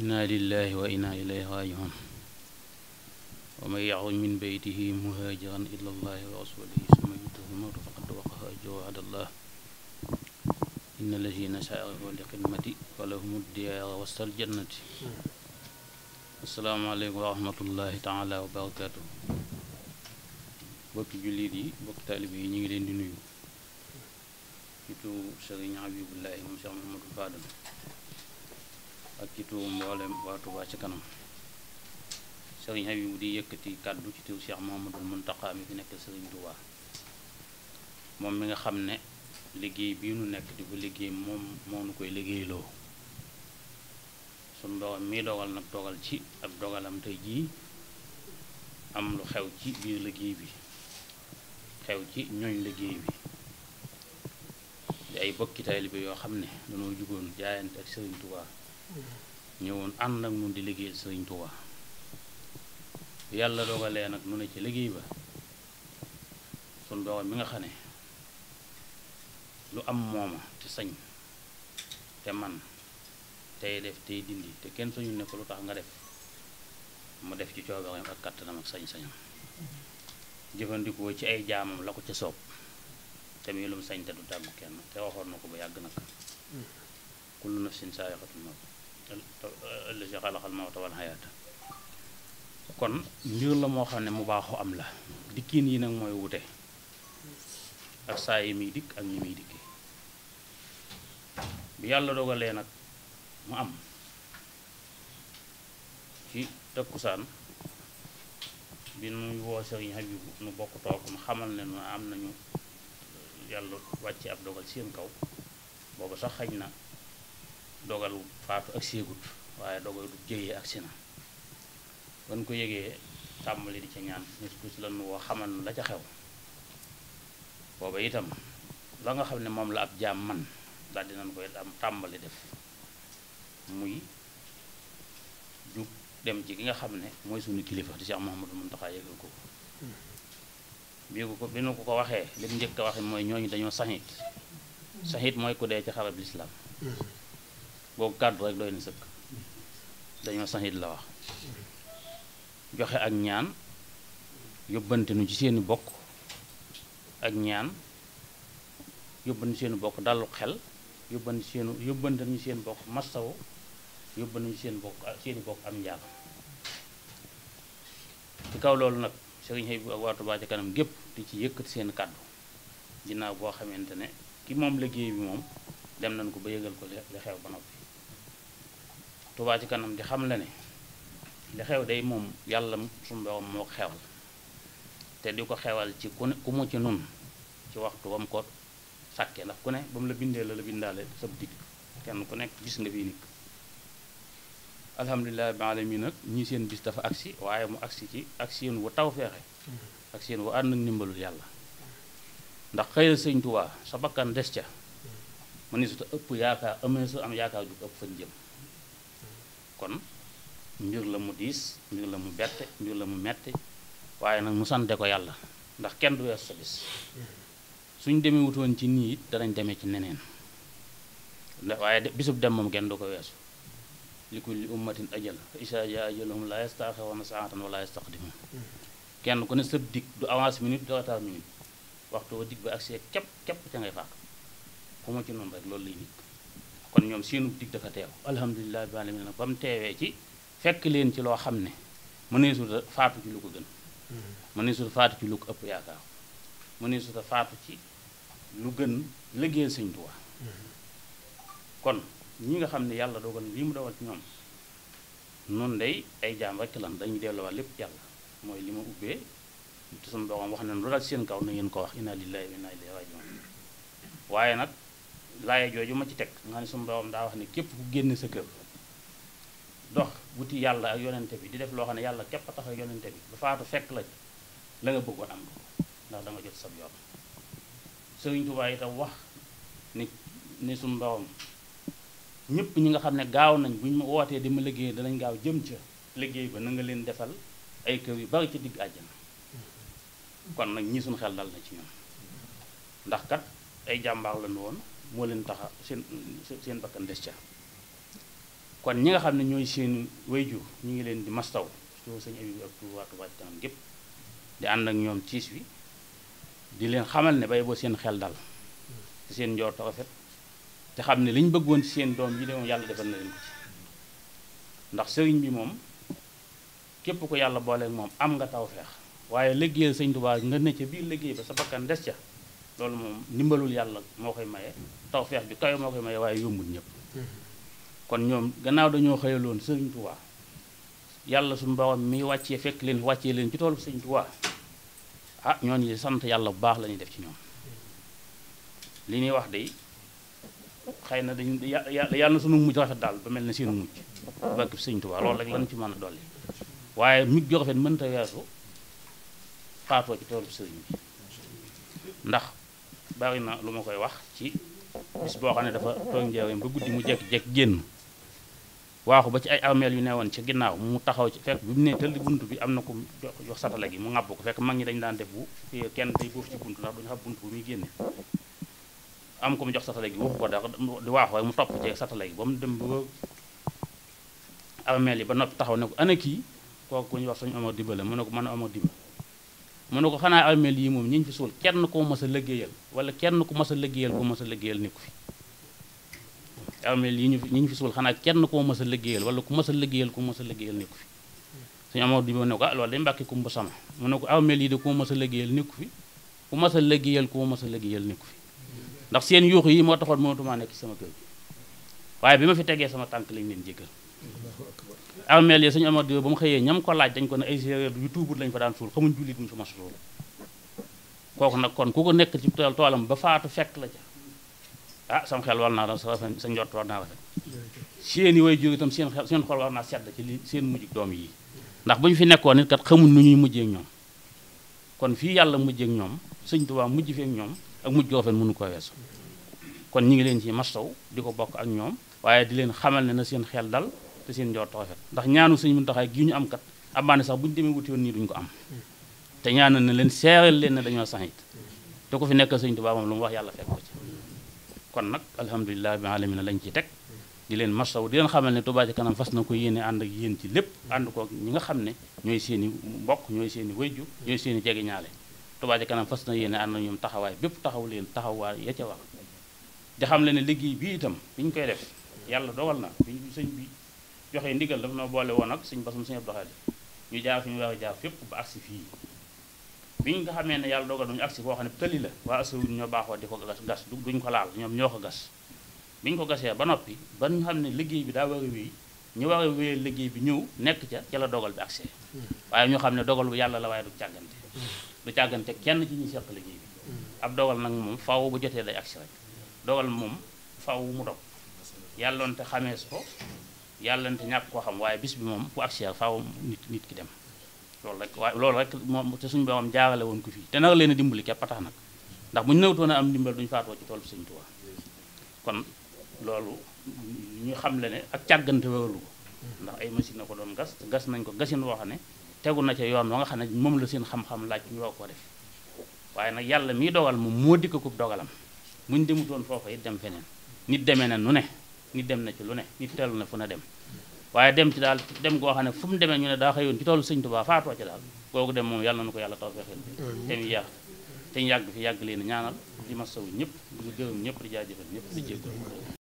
inna lillahi wa inna ilayhi rajiun wa man yaxruj min beytihi muhajiran ila allahi wa rasulihi summa yudrikhu lmawtu faqad waqa ajruhu ala allah inna allazina sa'u li xidmati falahum diyaara wastal jannati assalaamu aleykum wa rahmatullahi taala wa barakatuh bokki jullit yi bokki taalib yi ñu ngi leen di nuyu ci tuur Sëriñ Habibullahi moom Cheikh Mahamadou Fadal ak ci turu mboolem waa Touba ci kanam sëriñ Habibou di yëkkati kàddu ci turu Cheikh Mouhamadoul Mountakha mi fi nekk sëriñ Touba moom mi nga xam ne liggéey bii nu nekk di ko liggéey moom moo nu koy liggéeyloo suñ dogal mii dogal nag dogal ci ab dogalam tey jii am lu xew ci biir liggéey bi xew ci ñooñ liggéey bi di ay bokki taalibe yoo xam ne dañoo jugoon jaayante ak sëriñ Touba ñëwoon ànd ak ñun di liggéey sëriñ Tuubaa yàlla doogalee nag nu ne ci liggéey ba sun borom mi nga xam ne lu am mooma te sañ te man tey def tey dindi te kenn sañu ne ko lu tax nga def mu def ci coobareem ak kattanam ak sañ-sañam jëfandikoo ci ay jaamam la ko ca soob te muy lum sañ te du tàggu kenn te waxoon na ko ba yàgg nag mm. kullu nafsin saa'iqatul mawt allazi xalaqal mawta wal hayaata kon mbir la moo xam ne mu baaxu am la dikkiin yi nag mooy wute ak saa yi muy dikk ak ñi muy dikki bi yàlla dogalee nag mu am ci takkusaan bi nuy woo nu bokk toog nu xamal ne nu am nañu yàlla wàcce ab dogal seen kaw booba sax xaj na dogal faatu ak séegut waaye dogal du jëyee ak si na ban ko yëgee tàmbali di ca ñaan nit la nu woo la ca xew booba itam la nga xam ne moom la ab jaam man daal dinañ koy am tàmbali def muy jug dem ji ki nga xam ne mooy suñu kilifa di Cheikh Mouhamadou Mountakha yëgal ko hmm. bii ko bi nu ko ko waxee li njëkk a waxe mooy ñooñu dañoo saxit hmm. saxit mooy ko dee ci xarab lislaam hmm. boo kàddu rek doy na sëkk dañoo saxit la wax joxe ak ñaan yóbbante nu ci seeni bokk ak ñaan yóbbante seeni bokk dalu xel yóbbante seen yóbbante seen bokk masawu yóbbante ñu seen bokk seeni bokk am njaal ci kaw loolu nag sëriñ xëy bu ak waa Touba ca kanam gépp di ci yëkkati seen kàddu ginnaaw boo xamante ne ki moom liggéey bi moom dem nañ ko ba yëgal ko li xew ba noppi Touba ci kanam di xam la ne li xew day moom yàlla suñu borom moo ko xewal te di ko xewal ci ku ne ku mu ci nun ci waxtu wam ko sàkkee ndax ku ne ba mu la bindee la la bindaale sab digg kenn ku nekk gis nga fi nit alhamdulilah bi alamin nag ñii seen bis dafa agsi waaye mu agsi ci ak seen wu taw feexe ak seen wu ànd ak ndimbalul yàlla ndax xëyal sëñ sa bakkan des ca mu ne su ëpp yaakaar amee su am yaakaar ju ëpp fañ jëm kon mbir la mu diis mbir la mu bette mbir la mu metti waaye nag mu sante ko yàlla ndax kenn du weesu sa bis suñ demee wutoon ci nii it danañ demee ci neneen waaye bisub dem moom kenn du ko weesu li kulli ummatin ajal fa isa ja ajaluhum la yastaxiruuna saatan wala yastaqdimuun kenn ku ne sëb dig du avance minute du retard minute waxtu wa ba accès képp képp ca ngay fàq ku ma ci noonu rek loolu lay nit kon ñoom seenu dig dafa teew alhamdulilah bi alamin nag ba mu teewee ci fekk leen ci loo xam ne mëneesuta faatu ci lu ko gën mm-hmm. mëneesuta faatu ci lu ko ëpp yaakaar mëneesuta faatu ci lu gën liggéeyal Sëñ Tuubaa mm-hmm. kon ñi nga xam ne yàlla doo dogal lii mu dogal ci ñoom noon day ay jaam rekk lan dañuy delluwaat lépp yàlla mooy li ma ubbee te sama doxam wax na lu dal seen kaw na ngeen ko wax inna lillahi wa inna ilayhi rajiun waaye nag laaya jooju ma ci teg nga xam ne suñu borom daa wax ne képp ku génn sa kër dox wuti yàlla ak yonente bi di def loo xam ne yàlla képp a tax ak yonente bi ba faatu fekk la la nga bëggoon am da nga jot sab yoon Sëriñ Tuubaa wax ni ni suñu borom ñëpp ñi nga xam ne gaaw nañ bu ñu ma wootee di ma liggéey danañ gaaw jëm ca liggéey ba na nga leen defal ay kër yu bari ci digg àjjana kon nag ñi suñu xel dal na ci ñun ndax kat ay jàmbaar lañu woon moo leen taxa seen seen bakkan des ca kon ñi nga xam ne ñooy seen wayjur ñu ngi leen di mastaw soo sañu abi bi ak Touba Touba ci gépp di ànd ak ñoom ciis wi di leen xamal ne ba boo seen xel dal te seen njoor taxafet te xam ne li ñu bëggoon ci seen doom yi de moom yàlla defal na leen ndax sëriñ bi moom képp ko yàlla booleeg moom am nga taw feex waaye liggéeyal sëñ Touba nga ne ca biir liggéey ba sa bakkan des ca loolu moom ndimbalul yàlla moo koy maye feex bi kawe moo koy maye waaye yombul ñëpp kon ñoom gannaaw dañoo xëyaloon sëriñ Tuubaa yàlla suñu borom mi wàccee fekk leen wàccee leen ci toolu sëriñ Tuubaa ah ñooñu sant yàlla bu baax la def ci ñoom li ñuy wax de xëy na dañu yàlla na suñu rafet daal mel ne seenu mujj bakk sëriñ Tuubaa loolu rek ci mën a dolli waaye mujj ju rafet mënta weesu xaatoo ci toolu sëriñ bi ndax bari na lu ma koy wax ci bis boo xam ne dafa toog njëriñ ba guddi mu jékki-jékki génn waaxu ba ci ay armeel yu newoon ci ginnaaw mu taxaw ci fekk bi mu ne tëll bunt bi am na ko jox satala gi mu ŋàbb ko fekk mag ñi dañu daan def bu kenn day boof ci bunt ndax duñu xam bunt bu muy génne am ko mu jox satala gi waxu ko dara di waaxu waaye mu topp ci satala gi ba mu dem ba armeel yi ba noppi taxaw ne ko ana kii kooku ku ñuy wax suñu Omar Dibba la mu ne ko mën a Omar Dibba mu ne ko xanaa armeel yi moom ñi ñu fi sool kenn koo mas a wala kenn ku mas a liggéeyal koo mas a liggéeyal nekku fi armeel yi ñu ñu fi suul xanaa kenn koo mas a liggéeyal wala ku mas a liggéeyal ku mas a liggéeyal nekku fi suñu amoo di ne ko ah loolu day mbàkki kumba sama mu ne ko armeel yi de koo mas a liggéeyal nekku fi ku mas a liggéeyal koo mas a liggéeyal nekku fi ndax seen yuux yi moo taxoon mënatumaa nekk ci sama kër gi waaye bi ma fi tegee sama tànk lañ leen jéggal armeel yi suñu Amadou ba mu xëyee ñam ko laaj dañ ko ne ay séeréer yu tuubut lañ fa daan suul xamuñ jullit buñu fa mas kooku nag kon ku ko nekk ci tool toolam ba faatu fekk la ca ah sam xel war naa sa sa njort war naa rafet seen seen seen xol war sedd ci li seen mujj doom yi ndax bu ñu fi nekkoon nit kat xamuñ lu ñuy mujjee ak ñoom kon fii yàlla mujjee ñoom sëñ Tuubaa mujj fee ñoom ak mujj goo fen mënu ko weesu kon ñu ngi leen ci mastaw di ko bokk ak ñoom waaye di leen xamal ne na seen xel dal te seen njort rafet ndax ñaanu sëñ Muntaxa gi ñu am kat amaane sax bu ñu demee wuti woon nii duñu ko am te ñaanal na leen seeral leen ne dañoo sax it te ko fi nekk sëñ Tuubaa lu mu wax yàlla fekk ko ci kon nag alhamdulilah bi alamina lañ ciy teg di leen masaw di leen xamal ne Touba Ca Kanam fas na ko yéene ànd ak yéen ci lépp ànd ko ñi nga xam ne ñooy seen i mbokk ñooy seen i ju ñooy seen i jege ñaale Touba Kanam fas na yéene ànd ak ñoom taxawaay bépp taxaw leen taxawaay ya ca wax di xam le bi ñu joxe ndigal dafa noo boole woon ak suñ basum suñu Abdou Khadre ñu jaar fi ñu war jaar fépp ba agsi fii biñ nga xamee ne yàlla dogal nañu agsi boo xam ne tëli la waa asawuñ ñoo baaxoo di ko gas gas du duñ ko laal ñoom ñoo ko gas biñ ko gasee ba noppi ba ñu xam ne liggéey bi daa war a wéy ñu war a liggéey bi ñëw nekk ca ca la dogal bi agsi waaye ñu xam ne dogal bu yàlla la waaye du càggante du càggante kenn ci ñu seq liggéey bi ab dogal nag moom faw bu jotee day agsi rek dogal moom mu dog yàllante nte ñàkk xam waaye bis bi moom bu agsi faaw nit ki dem loolu rek waaye loolu rek moom te suñu borom jaarale woon ko fii te nag leen a dimbali képp a tax nag ndax bu ñu nawtoon am dimbal duñu faatoo ci tool bi Sëñ Tuubaa kon loolu ñu xam le ne ak càggante wéralu ko ndax ay machine na ko doon gas gas nañ ko gasin woo xam ne tegu na ca yoon wa nga xam ne moom la seen xam-xam laaj ñu woo ko def waaye nag yàlla mii dogal moom moo dikk ko dogalam muñ demutoon foofa it dem feneen nit demee na nu ne nit dem na ci lu ne nit teelu na fu na dem waaye dem ci daal dem goo xam ne fu mu demee ñu ne daa xëyoon ci toolu sëñ Tuubaa faatoo ci daal kooku dem moom yàlla na ko yàlla tawfeexal te ñu te ñu yàgg fi yàgg leen ñaanal di masawu ñëpp di gërëm ñëpp di jaajëfal ñëpp di jéggal